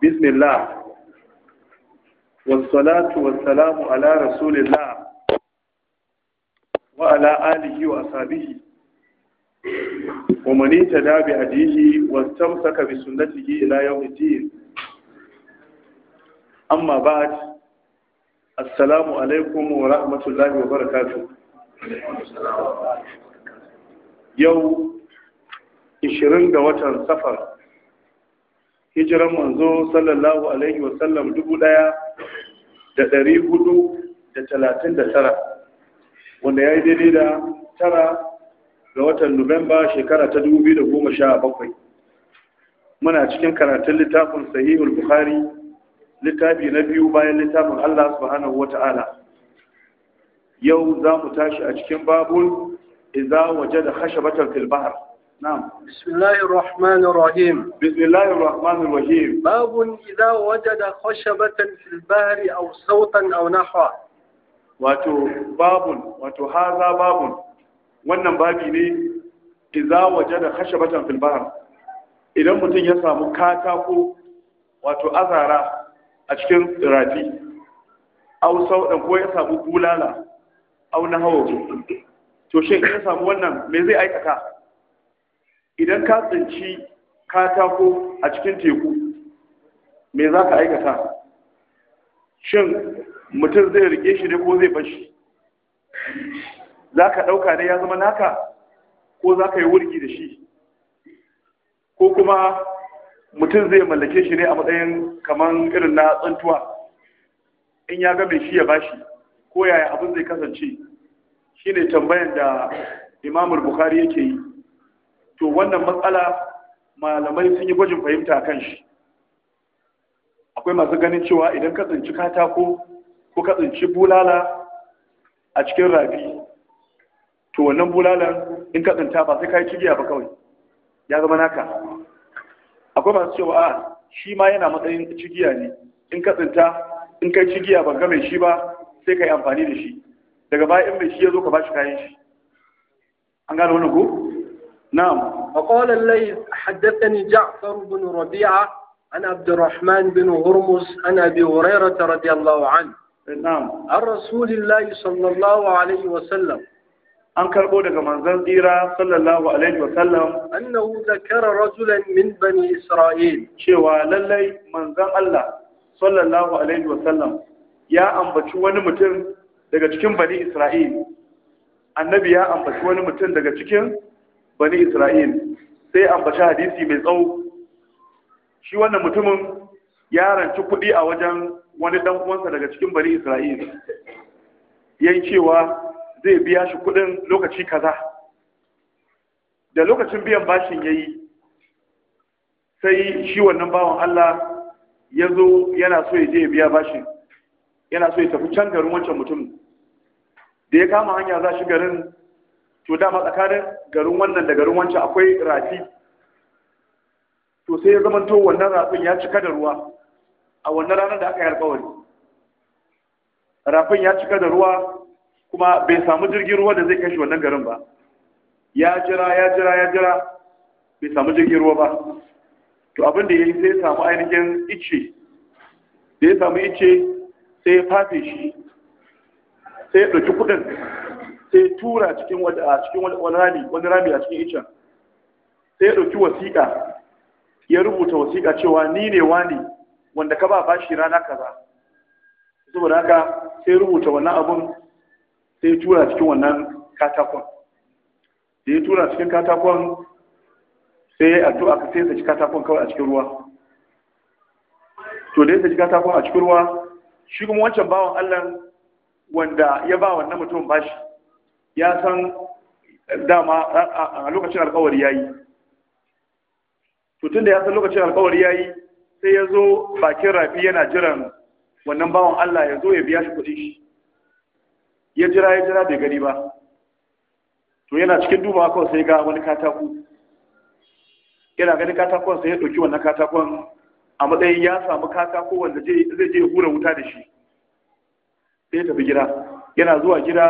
bismillah wassalatu wassalamu ala rasulillah wa ala alihi wa ashabihi wa man ittaba bi hadihi wastamsaka bi sunnatihi ila yawm al-din amma ba'd assalamu alaikum wa rahmatullahi wa barakatuh yau 20 ga watan safar hijiran manzo sallallahu alaihi wasallam dubu ɗaya da dari hudu da talatin da tara wanda ya yi daidai da tara ga watan nuwamba shekara ta dubu biyu da goma sha bakwai muna cikin karatun littafin sahihul bukhari littafi na biyu bayan littafin allah subhanahu wa ta'ala yau za mu tashi a cikin babul idza wajada khashabatan fil bahr نعم بسم الله الرحمن الرحيم بسم الله الرحمن الرحيم باب إذا وجد خشبة في البحر أو صوتا أو نحوه wato babun wato haza babun wannan babi ne iza waje da kashe batan filbahar idan mutum ya samu katako wato azara a cikin rafi au sauɗan ko ya samu bulala au na hawa to shi ya samu wannan me zai aikata idan ka tsinci katako a cikin teku me za ka aikata shin mutum zai rike shi ne ko zai bashi za ka ɗauka ne ya zama naka ko za ka yi wurgi da shi ko kuma mutum zai mallake shi ne a matsayin kamar irin na tsantuwa in ya ga mai shi ya bashi ko yaya abin zai kasance Shi ne tambayan da imamul bukhari yake yi to wannan matsala malamai sun yi gwajin fahimta kan shi akwai masu ganin cewa idan ka tsinci katako ko ka tsinci bulala a cikin rafi to wannan bulalan in ka tsinta ba sai ka yi kigiya ba kawai ya zama naka akwai masu cewa a shi ma yana matsayin cigiya ne in ka tsinta in kai cigiya ban ga mai shi ba sai ka yi amfani da shi daga baya in mai shi ya zo ka ba shi kayan shi an gane wani ko na'am فقال الليث حدثني جعفر بن ربيعة عن عبد الرحمن بن هرمز عن أبي هريرة رضي الله عنه نعم عن رسول الله صلى الله عليه وسلم an karɓo daga manzon tsira sallallahu alaihi wa sallam annahu zakara rajulan min bani isra'il cewa lallai manzon Allah sallallahu alaihi wa sallam ya ambaci wani mutum daga cikin bani isra'il annabi ya ambaci wani mutum daga cikin bani isra'il sai ambaci hadisi mai tsawo shi wannan mutumin ya ranci kuɗi a wajen wani dan uwansa daga cikin bani isra'il yayin cewa zai biya shi kuɗin lokaci kaza da lokacin biyan bashin yayi sai shi wannan bawan allah ya zo yana so ya je ya biya bashin yana so ya tafi can garin wancan mutumin da ya kama hanya za shi garin to dama tsakanin garin wannan da garin wancan akwai rafi to sai ya zamanto wannan rafin ya cika da ruwa a wannan ranar da aka yi alkawari rafin ya cika da ruwa kuma bai samu jirgin ruwa da zai kai shi wannan garin ba ya jira ya jira ya jira bai samu jirgin ruwa ba to abin da ya yi sai samu ainihin ice da ya samu ice sai ya fafe shi sai ya ɗauki kuɗin sai tura cikin wani rami a cikin icen sai ya ɗauki wasiƙa ya rubuta wasiƙa cewa ni ne wani wanda ka ba shi rana kaza saboda haka sai rubuta wannan abun sai ya tura cikin wannan katakon da ya tura cikin katakon sai ya addu'a ka sai saki katakon kawai a cikin ruwa to da ya saki katakon a cikin ruwa shi kuma wancan bawan Allah wanda ya ba wannan mutum bashi ya san dama a lokacin alkawari ya yi tutun da ya san lokacin alkawari ya yi sai ya zo bakin rafi yana jiran wannan bawan Allah ya zo ya biya shi kudi shi ya jira ya jira bai gani ba to yana cikin duba kawai sai ga wani katako yana ganin katakon sai ya ɗauki wannan katakon a matsayin ya samu katako wanda zai je hura wuta da shi sai ya tafi gida yana zuwa gida